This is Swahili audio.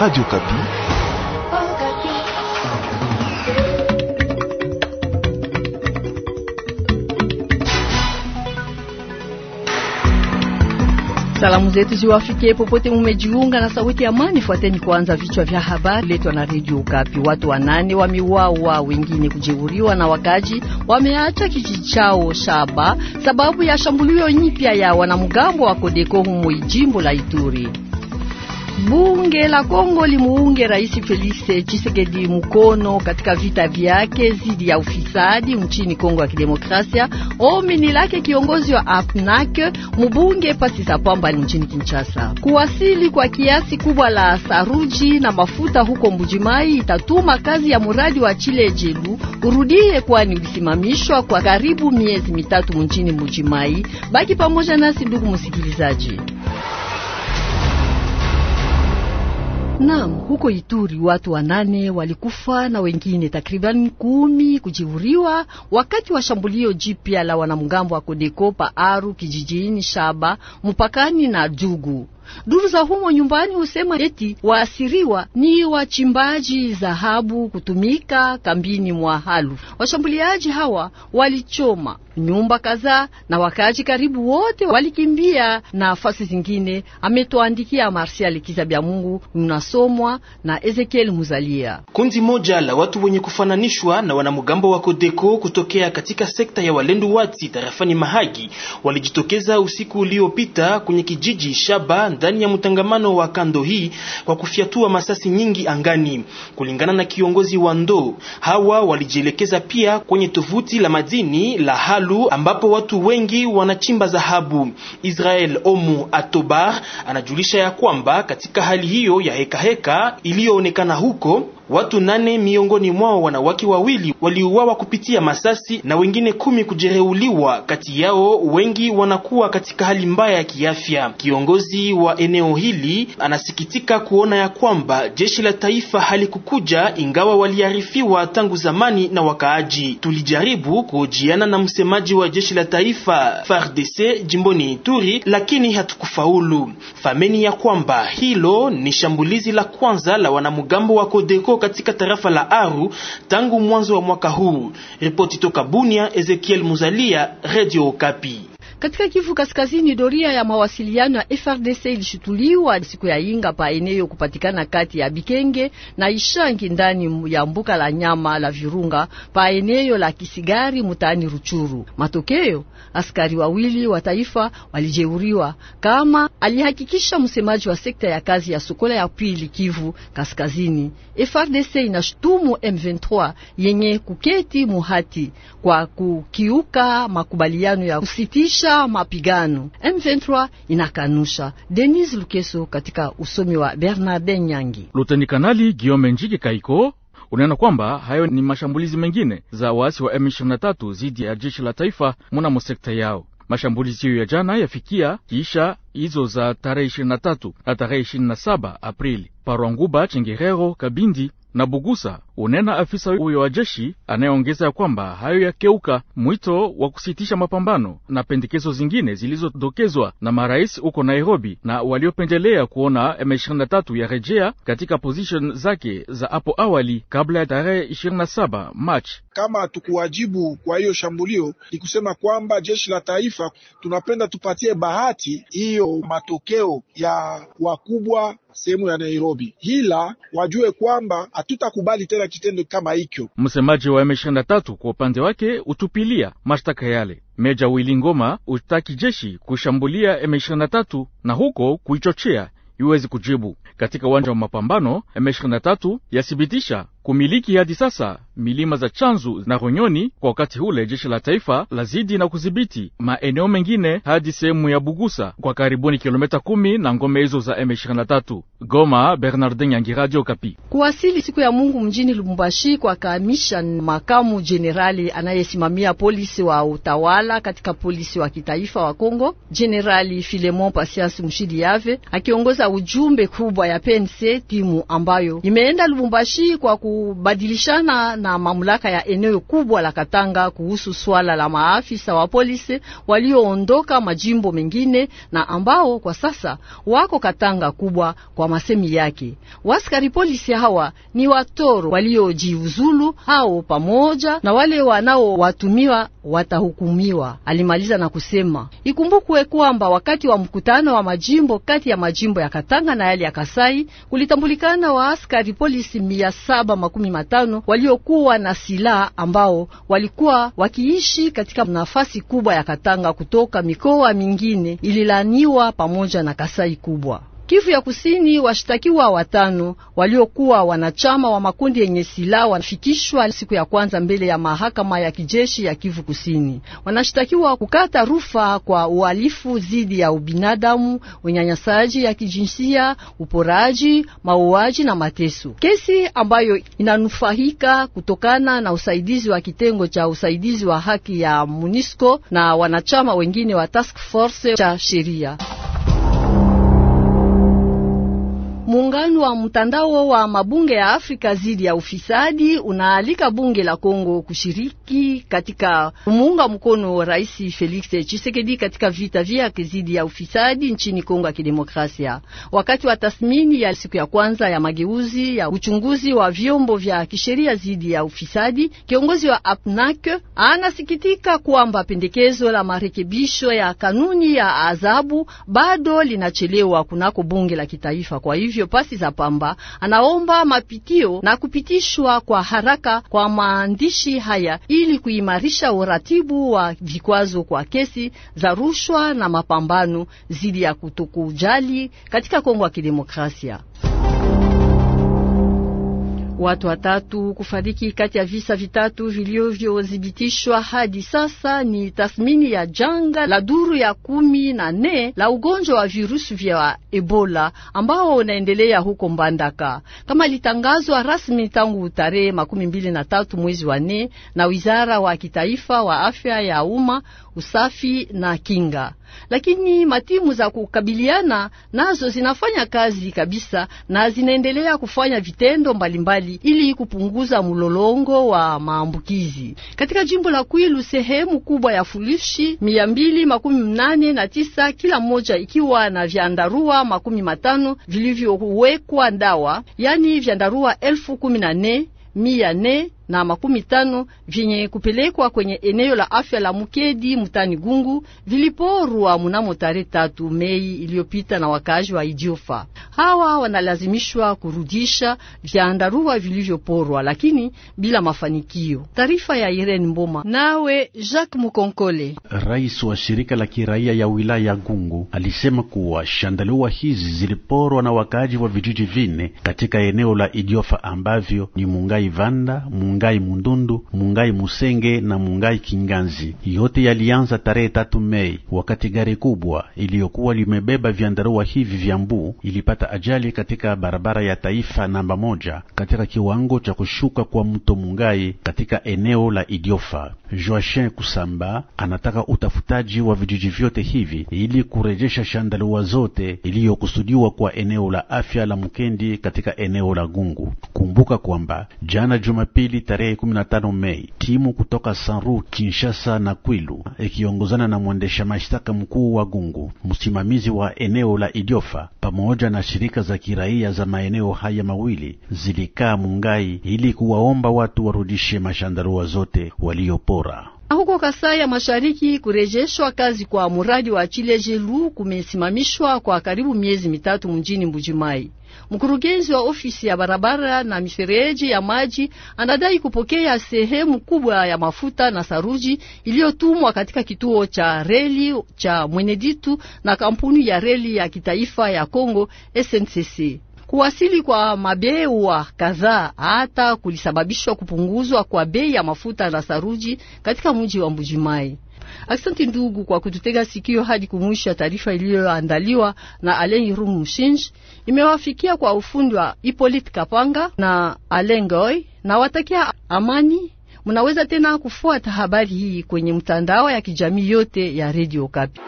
Radio Kapi. Salamu zetu ziwafikie popote mumejiunga na sauti ya amani. Fuateni kwanza vichwa vya habari letwa na redio Kapi. Watu wanane wameuawa, wengine kujeuriwa na wakaji wameacha kijiji chao Shaba sababu ya shambulio nyipya ya wanamgambo wa Kodeko humo ijimbo la Ituri. Bunge la Kongo limuunge Rais Felix Tshisekedi mkono katika vita vyake dhidi ya ufisadi nchini Kongo ya Kidemokrasia. Ombi ni lake kiongozi wa AFNAC mbunge Pasisa Pamba nchini Kinshasa. Kuwasili kwa kiasi kubwa la saruji na mafuta huko Mbujimai itatuma kazi ya mradi wa Chilejelu urudie, kwani ulisimamishwa kwa karibu miezi mitatu nchini Mbujimai. Baki pamoja nasi ndugu msikilizaji. Naam, huko Ituri watu wanane walikufa na wengine takriban kumi kujivuriwa wakati wa shambulio jipya la wanamgambo wa Kodeko pa Aru kijijini Shaba mpakani na Jugu. Duru za humo nyumbani husema eti waasiriwa ni wachimbaji dhahabu kutumika kambini mwa Halu. Washambuliaji hawa walichoma nyumba kadhaa na wakaaji karibu wote walikimbia nafasi zingine. Ametuandikia Marsial Kizabya Mungu, unasomwa na Ezekiel Muzalia. Kundi moja la watu wenye kufananishwa na wanamgambo wa Kodeko kutokea katika sekta ya Walendu Wati tarafani Mahagi walijitokeza usiku uliopita kwenye kijiji Shaba ndani ya mtangamano wa kando hii kwa kufyatua masasi nyingi angani. Kulingana na kiongozi wa ndoo, hawa walijielekeza pia kwenye tovuti la madini la Halu Palu ambapo watu wengi wanachimba dhahabu. Israel Omu Atobar anajulisha ya kwamba katika hali hiyo ya hekaheka iliyoonekana huko Watu nane miongoni mwao wanawake wawili waliuawa kupitia masasi na wengine kumi kujereuliwa. Kati yao wengi wanakuwa katika hali mbaya ya kiafya. Kiongozi wa eneo hili anasikitika kuona ya kwamba jeshi la taifa halikukuja, ingawa waliarifiwa tangu zamani na wakaaji. Tulijaribu kuhojiana na msemaji wa jeshi la taifa FARDC jimboni Ituri, lakini hatukufaulu. Fameni ya kwamba hilo ni shambulizi la kwanza la wanamgambo wa Kodeko katika tarafa la Aru tangu mwanzo wa mwaka huu. Ripoti toka Bunia, Ezekiel Muzalia, Radio Okapi. Katika Kivu Kaskazini, doria ya mawasiliano ya FRDC ilishituliwa siku ya Inga pa eneo kupatikana kati ya Bikenge na Ishangi ndani ya mbuka la nyama la Virunga pa eneo la Kisigari mutani Ruchuru. Matokeo, askari wawili wa taifa walijeuriwa, kama alihakikisha msemaji wa sekta ya kazi ya Sokola ya pili Kivu Kaskazini. FRDC inashutumu M23 yenye kuketi muhati kwa kukiuka makubaliano ya kusitisha kukomesha mapigano. M23 inakanusha. Denis Lukeso katika usomi wa Bernard Nyangi. Luteni Kanali Giome Njiki Kaiko unaona kwamba hayo ni mashambulizi mengine za waasi wa M23 zidi ya jeshi la taifa mnamo sekta yao. Mashambulizi hiyo ya jana yafikia kiisha hizo za tarehe 23 na tarehe 27 Aprili Parwanguba, Chengerero, Kabindi na Bugusa, unena afisa huyo wa jeshi anayeongeza ya kwamba hayo yakeuka mwito wa kusitisha mapambano na pendekezo zingine zilizodokezwa na marais huko Nairobi na waliopendelea kuona M23 ya rejea katika position zake za hapo awali kabla ya tarehe 27 Machi. Kama hatukuwajibu kwa hiyo shambulio, ni kusema kwamba jeshi la taifa tunapenda tupatie bahati hiyo matokeo ya wakubwa sehemu ya Nairobi, ila wajue kwamba hatutakubali tena kitendo kama hicho. Msemaji wa M23 kwa upande wake utupilia mashtaka yale. Meja Willy Ngoma utaki jeshi kushambulia M23 na huko kuichochea iwezi kujibu katika uwanja wa mapambano. M23 yathibitisha kumiliki hadi sasa milima za Chanzu na Ronyoni. Kwa wakati ule jeshi la taifa lazidi na kudhibiti maeneo mengine hadi sehemu ya Bugusa kwa karibuni kilomita kumi na ngome hizo za M23. Goma, Bernardin Yangi, Radio Kapi. Kuwasili siku ya Mungu mjini Lubumbashi kwa kamishan makamu jenerali anayesimamia polisi wa utawala katika polisi wa kitaifa wa Kongo, Jenerali Filemon Pasias Mshidi Yave akiongoza ujumbe kubwa ya PNC timu ambayo imeenda Lubumbashi kwa kubadilishana na na mamlaka ya eneo kubwa la Katanga kuhusu swala la maafisa wa polisi walioondoka majimbo mengine na ambao kwa sasa wako Katanga kubwa. Kwa masemi yake, waskari polisi hawa ni watoro waliojiuzulu, hao pamoja na wale wanaowatumiwa watahukumiwa. Alimaliza na kusema ikumbukwe kwamba wakati wa mkutano wa majimbo kati ya majimbo ya Katanga na yale ya Kasai kulitambulikana waaskari polisi mia saba makumi matano waliokuwa kuwa na silaha ambao walikuwa wakiishi katika nafasi kubwa ya Katanga kutoka mikoa mingine ililaniwa pamoja na Kasai kubwa. Kivu ya Kusini, washtakiwa watano waliokuwa wanachama wa makundi yenye silaha wafikishwa siku ya kwanza mbele ya mahakama ya kijeshi ya Kivu Kusini. Wanashtakiwa kukata rufaa kwa uhalifu dhidi ya ubinadamu, unyanyasaji ya kijinsia, uporaji, mauaji na mateso, kesi ambayo inanufaika kutokana na usaidizi wa kitengo cha usaidizi wa haki ya MONUSCO na wanachama wengine wa task force cha sheria. Muungano wa mtandao wa mabunge ya Afrika zidi ya ufisadi unaalika bunge la Kongo kushiriki katika kumuunga mkono Rais Felix Tshisekedi katika vita vyake zidi ya ufisadi nchini Kongo ya Kidemokrasia. Wakati wa tathmini ya siku ya kwanza ya mageuzi ya uchunguzi wa vyombo vya kisheria zidi ya ufisadi, kiongozi wa APNAC anasikitika kwamba pendekezo la marekebisho ya kanuni ya adhabu bado linachelewa kunako bunge la kitaifa. Kwa hivyo pasi nafasi za pamba. Anaomba mapitio na kupitishwa kwa haraka kwa maandishi haya ili kuimarisha uratibu wa vikwazo kwa kesi za rushwa na mapambano dhidi ya kutokujali katika Kongo ya Kidemokrasia. Watu watatu kufariki kati ya visa vitatu vilivyothibitishwa hadi sasa. Ni tathmini ya janga la duru ya kumi na nne la ugonjwa wa virusi vya Ebola ambao unaendelea huko Mbandaka, kama litangazwa rasmi tangu tarehe makumi mbili na tatu mwezi wa nne na wizara wa kitaifa wa afya ya umma, usafi na kinga lakini matimu za kukabiliana nazo zinafanya kazi kabisa na zinaendelea kufanya vitendo mbalimbali mbali, ili kupunguza mlolongo wa maambukizi katika jimbo la Kwilu. Sehemu kubwa ya fulishi mia mbili makumi mnane na tisa kila mmoja ikiwa na vyandarua makumi matano vilivyowekwa dawa, yani vyandarua elfu kumi na nne mia nne na makumi tano vyenye kupelekwa kwenye eneo la afya la Mukedi mutani Gungu viliporwa mnamo tarehe tatu Mei iliyopita na wakazi wa Idiofa. Hawa wanalazimishwa kurudisha vyandarua vilivyoporwa, lakini bila mafanikio. Taarifa ya Irene Mboma nawe Jacques Mukonkole. Rais wa shirika la kiraia ya wilaya ya Gungu alisema kuwa shandarua hizi ziliporwa na wakaji wa vijiji vine katika eneo la Idiofa ambavyo ni Mungai Vanda Mungai Mungai Mundundu, Mungai Musenge na Mungai Kinganzi. Yote yalianza tarehe tatu Mei wakati gari kubwa iliyokuwa limebeba vyandarua hivi vya mbu ilipata ajali katika barabara ya taifa namba moja katika kiwango cha kushuka kwa mto Mungai katika eneo la Idiofa. Joachim Kusamba anataka utafutaji wa vijiji vyote hivi ili kurejesha shandarua zote iliyokusudiwa kwa eneo la afya la Mukendi katika eneo la Gungu. Kumbuka kwamba jana Jumapili tarehe 15 Mei, timu kutoka Sanru, Kinshasa na Kwilu ikiongozana na mwendesha mashtaka mkuu wa Gungu, msimamizi wa eneo la Idiofa, pamoja na shirika za kiraia za maeneo haya mawili zilikaa Mungai ili kuwaomba watu warudishe mashandarua zote waliopora. Na huko Kasai ya Mashariki, kurejeshwa kazi kwa muradi wa Chilejelu kumesimamishwa kwa karibu miezi mitatu mjini Mbujimai. Mkurugenzi wa ofisi ya barabara na mifereji ya maji anadai kupokea sehemu kubwa ya mafuta na saruji iliyotumwa katika kituo cha reli cha Mweneditu na kampuni ya reli ya kitaifa ya Kongo SNCC. Kuwasili kwa mabewa kadhaa hata kulisababishwa kupunguzwa kwa bei ya mafuta na saruji katika mji wa Mbujimai. Aksanti ndugu kwa kututega sikio hadi kumwisha. Taarifa iliyoandaliwa na Alain Rum shinj imewafikia kwa ufundi wa Ipolit Kapanga na Alain Goy, na watakia amani. Munaweza tena kufuata habari hii kwenye mtandao ya kijamii yote ya Radio Kapi.